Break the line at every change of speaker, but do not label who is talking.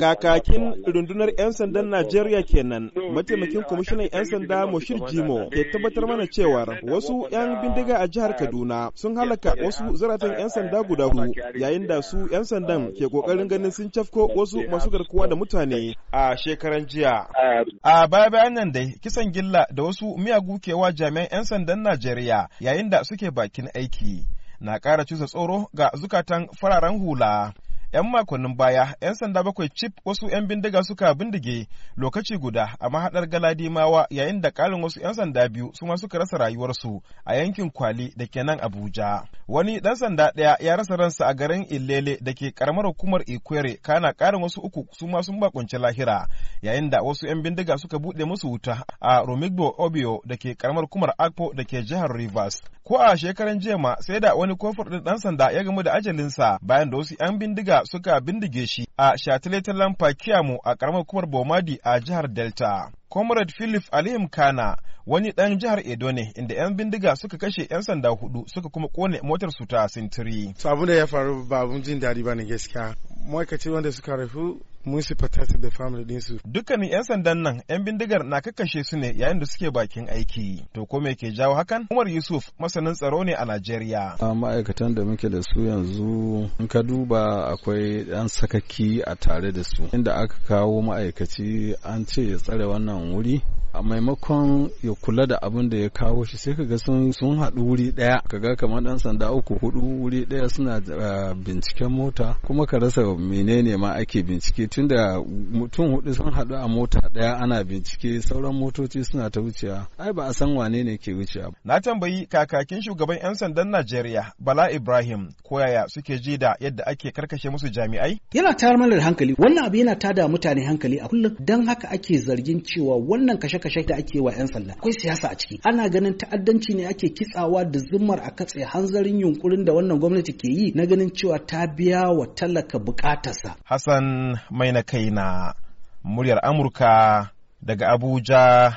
Kakakin rundunar 'yan sandan Najeriya kenan, mataimakin kwamishinan 'yan sanda Moshir Jimo ke tabbatar mana cewar wasu 'yan bindiga a jihar Kaduna sun halaka wasu zaratan 'yan sanda guda hudu yayin da su 'yan sandan ke kokarin ganin sun cafko wasu masu garkuwa da mutane a shekaran jiya. A baya bayan nan dai kisan gilla da wasu miyagu kewa jami'an 'yan sandan Najeriya yayin da suke bakin aiki. na ƙara cusa tsoro ga zukatan fararen hula. 'yan makonnin baya 'yan sanda bakwai cip wasu 'yan bindiga suka bindige lokaci guda a mahaɗar galadimawa yayin da ƙarin wasu 'yan sanda biyu su ma suka rasa rayuwarsu a yankin kwali da ke nan abuja wani ɗan sanda ɗaya ya rasa ransa a garin ilele da ke ƙaramar hukumar ikwere kana ƙarin wasu uku su ma sun bakunci lahira yayin da wasu 'yan bindiga suka buɗe musu wuta a romigbo obio da ke karamar kumar akpo da ke jihar rivers ko a shekaran jema sai da wani kofar ɗin ɗan sanda ya gamu da ajalinsa bayan da wasu 'yan bindiga suka bindige shi a shatiletalen mu a karamar kumar bomadi a jihar delta comrade philip alihim kana wani ɗan jihar Edo ne inda 'yan bindiga suka kashe 'yan sanda hudu suka kuma kone motar su ta sintiri. So da ya faru babu jin daɗi ba ne gaskiya. Ma'aikaci wanda suka rufu mun sifata su da family ɗinsu. Dukkanin 'yan sandan nan 'yan bindigar na kakkashe su ne yayin da suke bakin aiki. To ko me ke jawo hakan? Umar Yusuf masanin tsaro ne a Najeriya.
A ma'aikatan da muke da su yanzu in ka duba akwai ɗan sakaki a tare da su. Inda aka kawo ma'aikaci an ce ya tsare wannan wuri a maimakon ya kula da abin da ya kawo shi sai kaga sun sun haɗu wuri ɗaya kaga kamar ɗan sanda uku hudu wuri ɗaya suna ah, binciken mota kuma ka rasa menene ma ake bincike tunda mutum hudu sun haɗu a mota ɗaya ana bincike sauran motoci suna ta wucewa ai ba a san wane ne ke wucewa
na tambayi kakakin shugaban 'yan sandan Najeriya Bala Ibrahim ko yaya suke ji da yadda ake karkashe musu jami'ai
yana tayar mana hankali wannan abu yana tada mutane hankali a kullum dan haka ake zargin cewa wannan kashe kashe-kashe ake wa 'yan sanda akwai siyasa a ciki ana ganin ta'addanci ne ake kitsawa da zummar a katse hanzarin yunkurin da wannan gwamnati ke yi na ganin cewa ta biya wa talaka bukatarsa
hassan mai na kai na muryar amurka daga abuja